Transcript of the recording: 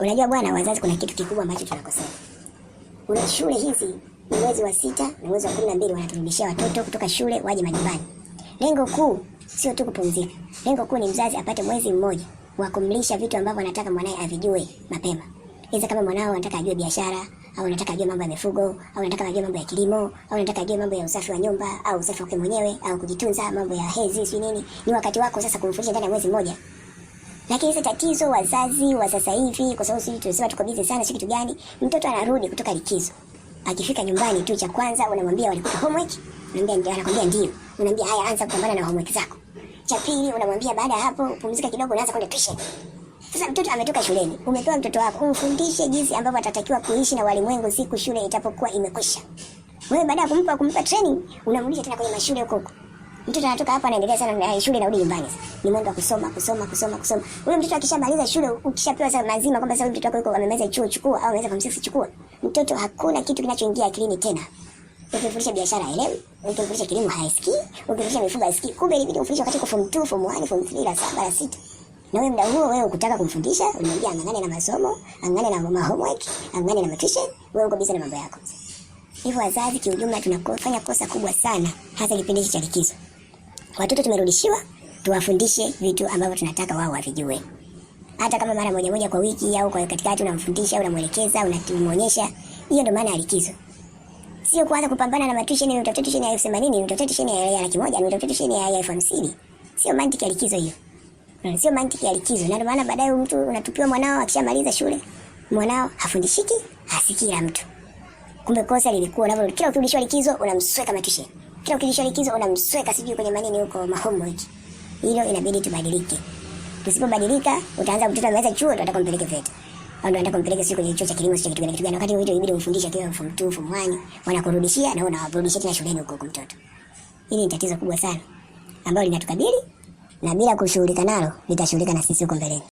Unajua bwana, wazazi, kuna kitu kikubwa ambacho tunakosea. Kuna shule hizi mwezi wa sita na mwezi wa kumi na mbili wanaturudishia watoto kutoka shule waje majumbani. Lengo kuu sio tu kupumzika, lengo kuu ni mzazi apate mwezi mmoja wa kumlisha vitu ambavyo anataka mwanae avijue mapema. Iza kama mwanao anataka ajue biashara au anataka ajue mambo ya mifugo au anataka ajue mambo ya kilimo au anataka ajue mambo ya usafi wa nyumba au usafi wake mwenyewe au kujitunza, mambo ya hezi, si nini, ni wakati wako sasa kumfundisha ndani ya mwezi mmoja. Lakini sasa tatizo wazazi wa sasa hivi, kwa sababu sisi tunasema tuko busy sana, si kitu gani, mtoto anarudi kutoka likizo, akifika nyumbani tu, cha kwanza unamwambia walikupa homework, unamwambia ndio, anakwambia ndio, unamwambia haya, anza kupambana na homework zako. Cha pili unamwambia baada ya hapo pumzika kidogo, unaanza kwenda tuition. Sasa mtoto ametoka shuleni, umepewa mtoto wako, umfundishe jinsi ambavyo atatakiwa kuishi na walimwengu siku shule itapokuwa imekwisha. Wewe baada ya kumpa kumpa training, unamrudisha tena kwenye mashule huko huko. Mtoto anatoka hapa anaendelea sana na shule, narudi nyumbani sasa. Ni mwendo wa kusoma kusoma kusoma kusoma. Huyo mtoto akishamaliza shule, ukishapewa sasa mazima kwamba sasa mtoto wako yuko amemaliza chuo, chukua au anaweza kumsifu, chukua. Mtoto hakuna kitu kinachoingia akilini tena. Ukifundisha biashara elewi, ukifundisha kilimo haisikii, ukifundisha mifugo haisikii. Kumbe ilibidi kumfundisha wakati kwa form 2, form 1, form 3, la 7, la 6. Na wewe mda huo wewe ukutaka kumfundisha, unaambia angane na masomo, angane na homework, angane na matisheni, wewe uko busy na mambo yako. sasa. Hivyo wazazi, kiujumla, tunafanya kosa kubwa sana, hasa kipindi cha likizo. Watoto tumerudishiwa, tuwafundishe vitu ambavyo tunataka wao wavijue, hata kama mara moja moja kwa wiki au kwa katikati, unamfundisha, unamwelekeza, unamuonyesha. Hiyo ndio maana ya likizo, sio kuanza kupambana na matuition. Ni utafute tuition ya elfu themanini, ni utafute tuition ya laki moja, ni utafute tuition ya elfu hamsini. Sio mantiki ya likizo hiyo, sio mantiki ya likizo. Na ndio maana baadaye mtu unatupiwa, mwanao akishamaliza shule, mwanao hafundishiki, hasikii la mtu. Kumbe kosa lilikuwa unavyo, kila ukirudishwa likizo unamsweka matisheni, kila ukirudishwa likizo unamsweka sijui kwenye manini huko ma homework. Hilo inabidi tubadilike. Tusipobadilika utaanza mtoto ameweza chuo, ndio atakumpeleke VETA au ndio kumpeleke sio kwenye chuo cha kilimo, sio kitu gani kitu gani, wakati wewe inabidi umfundishe kiwa form 2 form 1 wanakurudishia na unawarudishia tena shuleni huko mtoto. Hili ni tatizo kubwa sana ambalo linatukabili na bila kushughulika nalo litashughulika na sisi huko mbeleni.